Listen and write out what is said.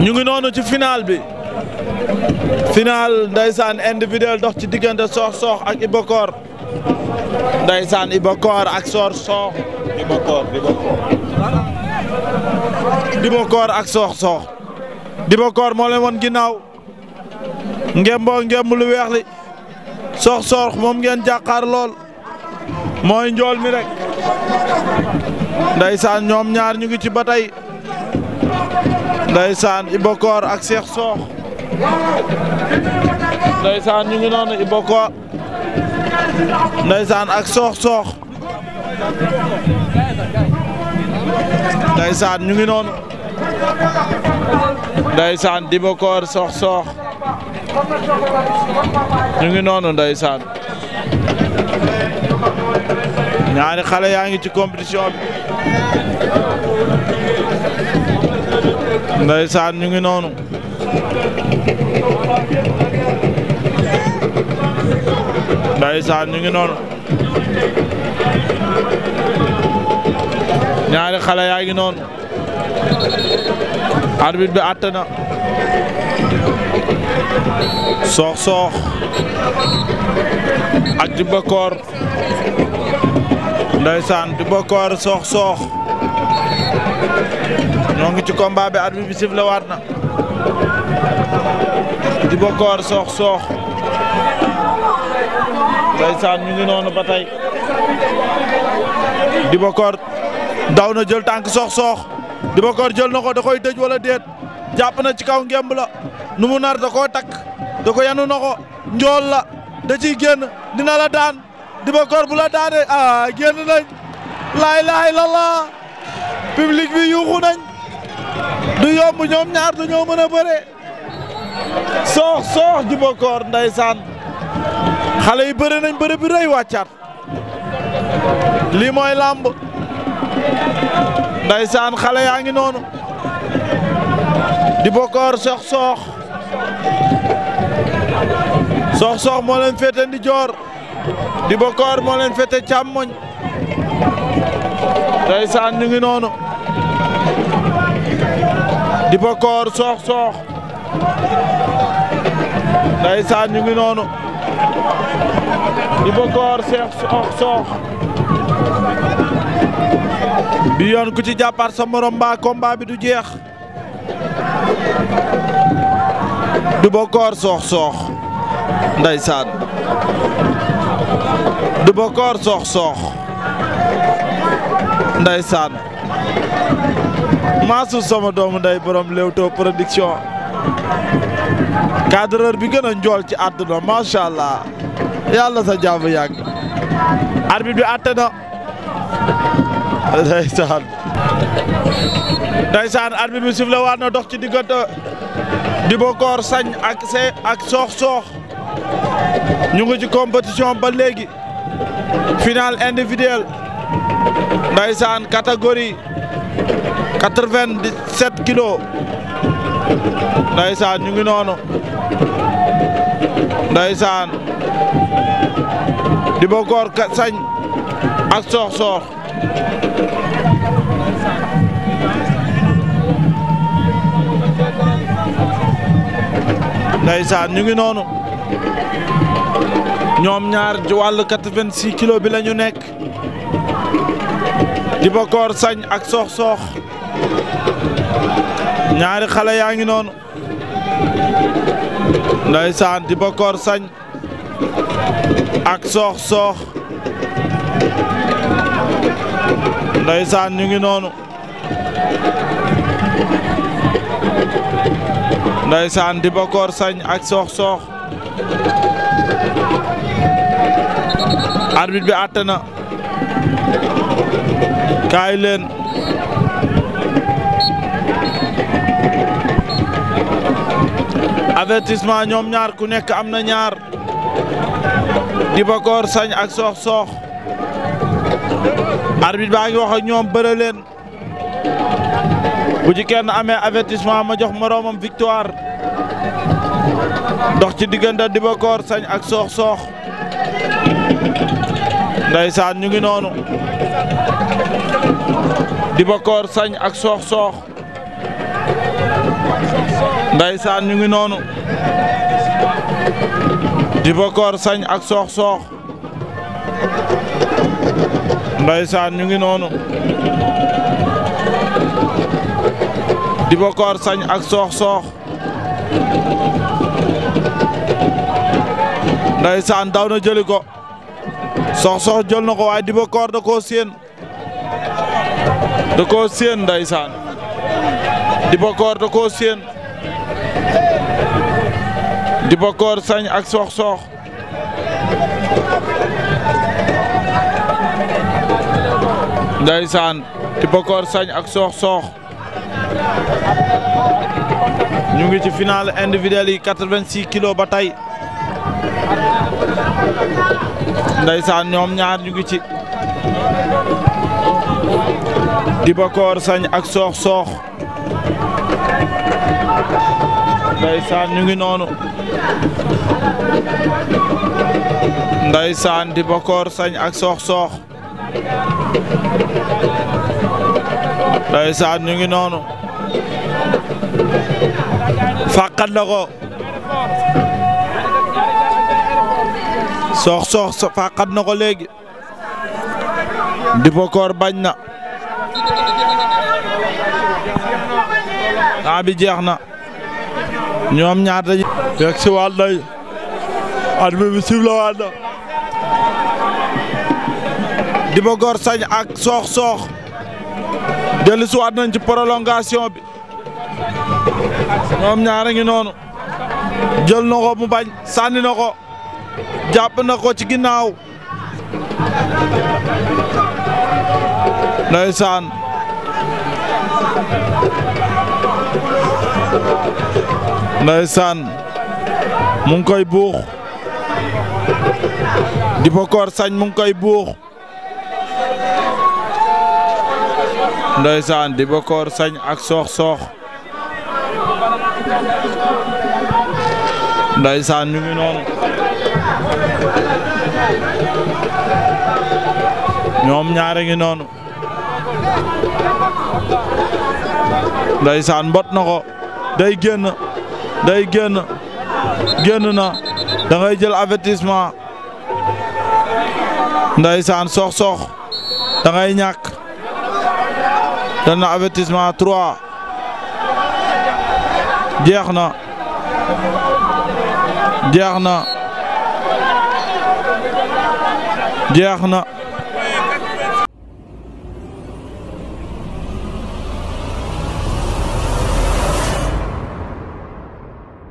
ñu ngi noonu ci finaal bi final ndaysaan individuel dox ci diggante Sokh soox ak Iba Kor ndaysaan Iba Kor ak Sokh Sokh Iba moo leen won ginnaaw ngemboo ngemb lu weex li Sokh moom ngeen jàkkaar lool mooy njool mi rek ndaysaan ñoom ñaar ñu ngi ci ba tey ndaysaan Ibokor ak seex Sokh ndaysaan ñu ngi noonu Ibokor ndaysaan ak soox soox ndaysaan ñu ngi noonu ndaysaan Ibokor soox Sokh ñu ngi noonu ndaysaan ñaari xale yaa ngi ci compétition bi ndeysaan ñu ngi noonu ndeysaan ñu ngi noonu ñaari xale yaa ngi noonu arbitre bi àtte na soox soox ak jubba koor ndeysaan saan bokkoor soox soox ñoo ngi ci combat bi arbitre bi sifflé waat na di bokkoor soox soox ndeysaan ñu ngi noonu ba tey di bokkoor daw na jël tànk soox soox di jël na ko da koy dëj wala déet jàpp na ci kaw ngemb la nu mu nar da koo takk da ko yanu na ko njool la da ciy génn dina la daan Dibakor bu la daane ah génn nañ laay laay lala public bi yuuxu nañ du yomb ñoom ñaar dañoo mën a bëre soox soox Dibakor ndeysaan xale yi bëre nañ bëre bi rëy wàccaat lii mooy làmb ndeysaan xale yaa ngi noonu Dibakor soox soox soox soox moo leen féete ndi joor Dibakor moo leen fete càmmoñ ndeysaan ñu ngi noonu Dibakor soox soox ndeysaan ñu ngi noonu Dibakor seex soox soox bi yoon ku ci jàppaat sa morom mbaa bi du jeex Dibakor soox soox ndeysaan du bakoor soox soox ndeysaan maasu sama doomu nday borom Leewtoo production cadreur bi gën a njool ci àdduna macha allah yàlla sa jàmm yàgg arbitre bi àtte na ndeysaan ndeysaan arbitre bi sifflé waat na dox ci diggante Dibakor Sagne ak see ak soox soox ñu ngi ci compétition ba léegi finale individuelle ndaysaan catégorie quatre-vingt-sept kilos ndaysaan ñu ngi noonu ndaysaan di sañ ak soox soox ndaysaan ñu ngi noonu ñoom ñaar wàllu 86 kilos bi la ñu nekk Dibakor sañ ak soox soox ñaari xale yaa ngi noonu ndeysaan Dibakor sañ ak soox soox ndeysaan ñu ngi noonu ndeysaan Dibakor sañ ak soox Sokh arbitre bi àtte na kaay leen avertissement ñoom ñaar ku nekk am na ñaar Dibakor sañ ak soox soox arbit baa ngi wax ak ñoom bëre leen bu ci kenn amee avertissement ma jox moroomam victoire dox ci diggante Dibakor sañ ak soox Sokh ndeysaan ñu ngi noonu Dibakor sañ ak soox soox ndeysaan ñu ngi noonu Dibakor sañ ak soox soox ndeysaan ñu ngi noonu Dibakor sañ ak soox soox ndeysaan daw na jëli ko sox sox jël na ko waaye Dibou da koo séen da koo séen ndeysaan Dibou da koo séen Dibou sañ ak sox sox ndeysaan Dibou Kor sañ ak sox sox ñu ngi ci finale individuel yi 86 kilos ba tey ndeysaan ñoom ñaar ñu ngi ci Dibakor Sagne ak Sokh Sokh ndeysaan ñu ngi noonu ndeysaan Dibakor sañ ak Sokh Sokh saan ñu ngi noonu fàqat sox sox faqat na ko léegi Dibakor bañ na daa jeex na ñoom ñaar dañuy yegg si waat nañ at bi bi na Dibakor sañ ak soox soox dellu si ci prolongation bi ñoom ñaar noonu jël mu bañ sànni na ko jàpp na ko ci ginnaaw ndeysaan ndeysaan mu ngi koy buux Dibakor Sagne mu ngi koy buux ndeysaan Dibakor Sagne ak Sokh Sokh ndeysaan ñu ngi noonu ñoom ñaare ngi noonu ndeysaan mbot na ko day génn day génn génn na da ngay jël avertissement ndeysaan sox sox da ngay ñàkk dana avertissement trois jeex na jeex na jeex na